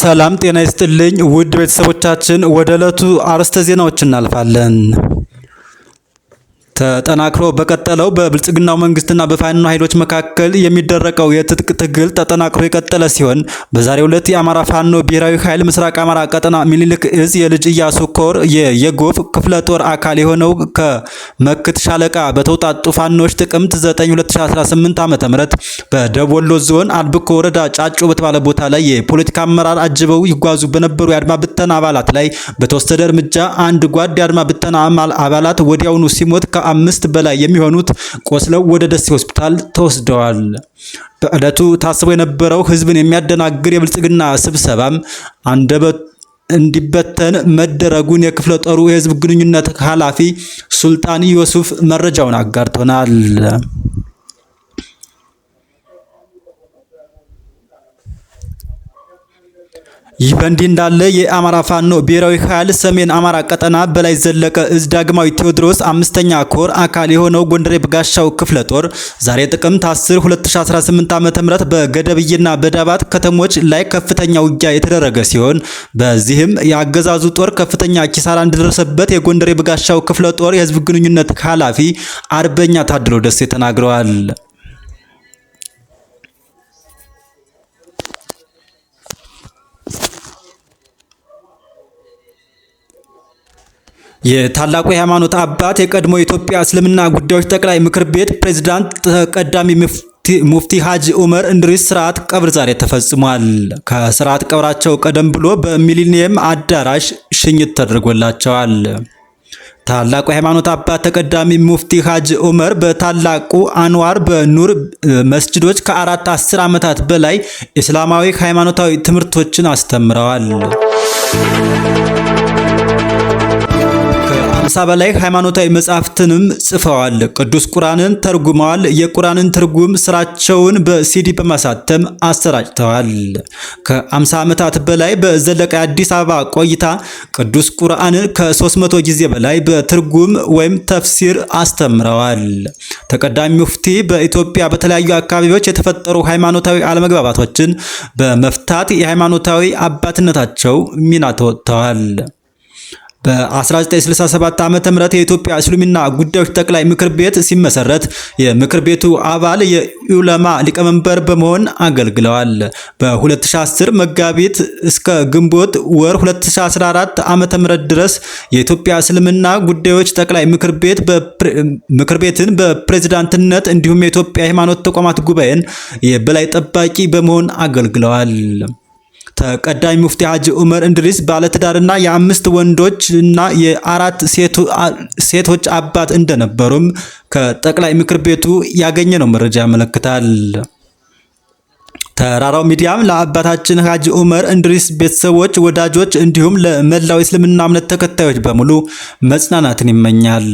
ሰላም ጤና ይስጥልኝ ውድ ቤተሰቦቻችን፣ ወደ ዕለቱ አርዕስተ ዜናዎች እናልፋለን። ተጠናክሮ በቀጠለው በብልጽግናው መንግስትና በፋኖ ኃይሎች መካከል የሚደረገው የትጥቅ ትግል ተጠናክሮ የቀጠለ ሲሆን በዛሬው ዕለት የአማራ ፋኖ ብሔራዊ ኃይል ምስራቅ አማራ ቀጠና ሚኒልክ እዝ የልጅ ኢያሱ ኮር የየጎፍ ክፍለ ጦር አካል የሆነው ከመክት ሻለቃ በተውጣጡ ፋኖች ጥቅምት 9 2018 ዓ.ም በደቡብ ወሎ ዞን አልብኮ ወረዳ ጫጮ በተባለ ቦታ ላይ የፖለቲካ አመራር አጅበው ይጓዙ በነበሩ የአድማ ብተና አባላት ላይ በተወሰደ እርምጃ አንድ ጓድ የአድማ ብተና አባላት ወዲያውኑ ሲሞት ከአምስት በላይ የሚሆኑት ቆስለው ወደ ደሴ ሆስፒታል ተወስደዋል። በዕለቱ ታስቦ የነበረው ህዝብን የሚያደናግር የብልጽግና ስብሰባም አንደበት እንዲበተን መደረጉን የክፍለ ጦሩ የህዝብ ግንኙነት ኃላፊ ሱልጣን ዮሱፍ መረጃውን አጋርቶናል። ይህ በእንዲህ እንዳለ የአማራ ፋኖ ብሔራዊ ኃይል ሰሜን አማራ ቀጠና በላይ ዘለቀ እዝ ዳግማዊ ቴዎድሮስ አምስተኛ ኮር አካል የሆነው ጎንደር የበጋሻው ክፍለ ጦር ዛሬ ጥቅምት 10 2018 ዓ.ም በገደብዬና በዳባት ከተሞች ላይ ከፍተኛ ውጊያ የተደረገ ሲሆን በዚህም የአገዛዙ ጦር ከፍተኛ ኪሳራ እንደደረሰበት የጎንደር ብጋሻው ክፍለ ጦር የህዝብ ግንኙነት ኃላፊ አርበኛ ታድሎ ደሴ ተናግረዋል። የታላቁ የሃይማኖት አባት የቀድሞ የኢትዮጵያ እስልምና ጉዳዮች ጠቅላይ ምክር ቤት ፕሬዝዳንት ተቀዳሚ ሙፍቲ ሀጂ ኡመር እንድሪስ ስርዓት ቀብር ዛሬ ተፈጽሟል። ከስርዓት ቀብራቸው ቀደም ብሎ በሚሊኒየም አዳራሽ ሽኝት ተደርጎላቸዋል። ታላቁ የሃይማኖት አባት ተቀዳሚ ሙፍቲ ሀጂ ኡመር በታላቁ አንዋር በኑር መስጅዶች ከአራት አስር ዓመታት በላይ እስላማዊ ሃይማኖታዊ ትምህርቶችን አስተምረዋል። ከአምሳ በላይ ሃይማኖታዊ መጻሕፍትንም ጽፈዋል። ቅዱስ ቁርአንን ተርጉመዋል። የቁርአንን ትርጉም ስራቸውን በሲዲ በማሳተም አሰራጭተዋል። ከአምሳ ዓመታት በላይ በዘለቀ አዲስ አበባ ቆይታ ቅዱስ ቁርአንን ከ300 ጊዜ በላይ በትርጉም ወይም ተፍሲር አስተምረዋል። ተቀዳሚ ሙፍቲ በኢትዮጵያ በተለያዩ አካባቢዎች የተፈጠሩ ሃይማኖታዊ አለመግባባቶችን በመፍታት የሃይማኖታዊ አባትነታቸው ሚና ተወጥተዋል። በ1967 ዓ ም የኢትዮጵያ እስልምና ጉዳዮች ጠቅላይ ምክር ቤት ሲመሰረት የምክር ቤቱ አባል የዑለማ ሊቀመንበር በመሆን አገልግለዋል። በ2010 መጋቢት እስከ ግንቦት ወር 2014 ዓ ም ድረስ የኢትዮጵያ እስልምና ጉዳዮች ጠቅላይ ምክር ቤት ምክር ቤትን በፕሬዝዳንትነት እንዲሁም የኢትዮጵያ ሃይማኖት ተቋማት ጉባኤን የበላይ ጠባቂ በመሆን አገልግለዋል። ተቀዳሚ ሙፍቲ ሀጂ ዑመር እንድሪስ ባለትዳርና የአምስት ወንዶች እና የአራት ሴቶች አባት እንደነበሩም ከጠቅላይ ምክር ቤቱ ያገኘ ነው መረጃ ያመለክታል። ተራራው ሚዲያም ለአባታችን ሀጂ ዑመር እንድሪስ ቤተሰቦች፣ ወዳጆች እንዲሁም ለመላው እስልምና እምነት ተከታዮች በሙሉ መጽናናትን ይመኛል።